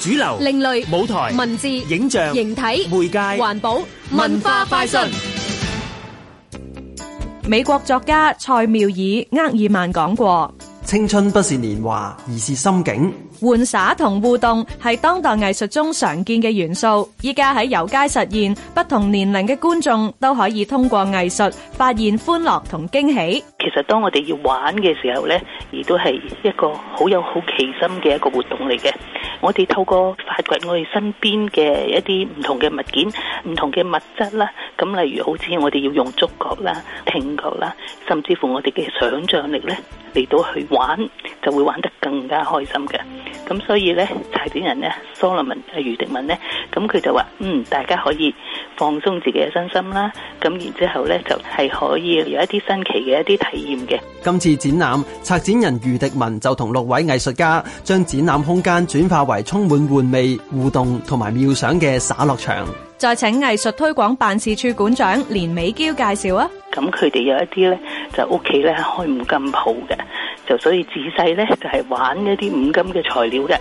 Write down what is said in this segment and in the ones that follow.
主流，另類，舞台，文字，影像，形體，媒介，環保，玩耍同互動係當代藝術中常見嘅元素，依家喺遊街實現，不同年齡嘅觀眾都可以通過藝術發現歡樂同驚喜。其實當我哋要玩嘅時候呢，亦都係一個好有好奇心嘅一個活動嚟嘅。我哋透過發掘我哋身邊嘅一啲唔同嘅物件、唔同嘅物質啦，咁例如好似我哋要用觸覺啦、聽覺啦，甚至乎我哋嘅想象力呢嚟到去玩，就會玩得更加開心嘅。咁所以咧，策展人咧，Solomon 阿余迪文咧，咁佢就話，嗯，大家可以放鬆自己嘅身心啦，咁然之後咧，就係可以有一啲新奇嘅一啲體驗嘅。今次展覽，策展人余迪文就同六位藝術家將展覽空間轉化為充滿玩味、互動同埋妙想嘅耍樂場。再請藝術推廣辦事處館長連美嬌介紹啊。咁佢哋有一啲咧，就屋企咧開五金鋪嘅。就所以自細呢，就係玩一啲五金嘅材料嘅，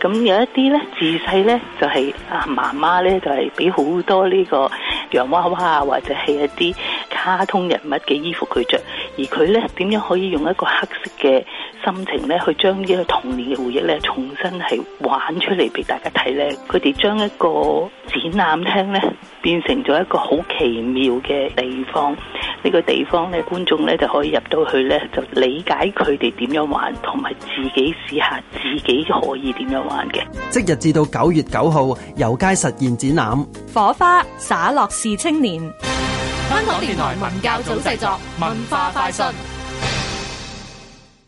咁有一啲呢，自細呢，就係啊媽媽呢，就係俾好多呢個洋娃娃啊或者係一啲卡通人物嘅衣服佢着，而佢呢，點樣可以用一個黑色嘅心情呢，去將呢個童年嘅回憶呢，重新係玩出嚟俾大家睇呢？佢哋將一個展覽廳呢，變成咗一個好奇妙嘅地方。呢、這個地方咧，觀眾咧就可以入到去咧，就理解佢哋點樣玩，同埋自己試下自己可以點樣玩嘅。即日至到九月九號，遊街實現展覽，火花灑落是青年。香港電台文教組製作，文化快訊。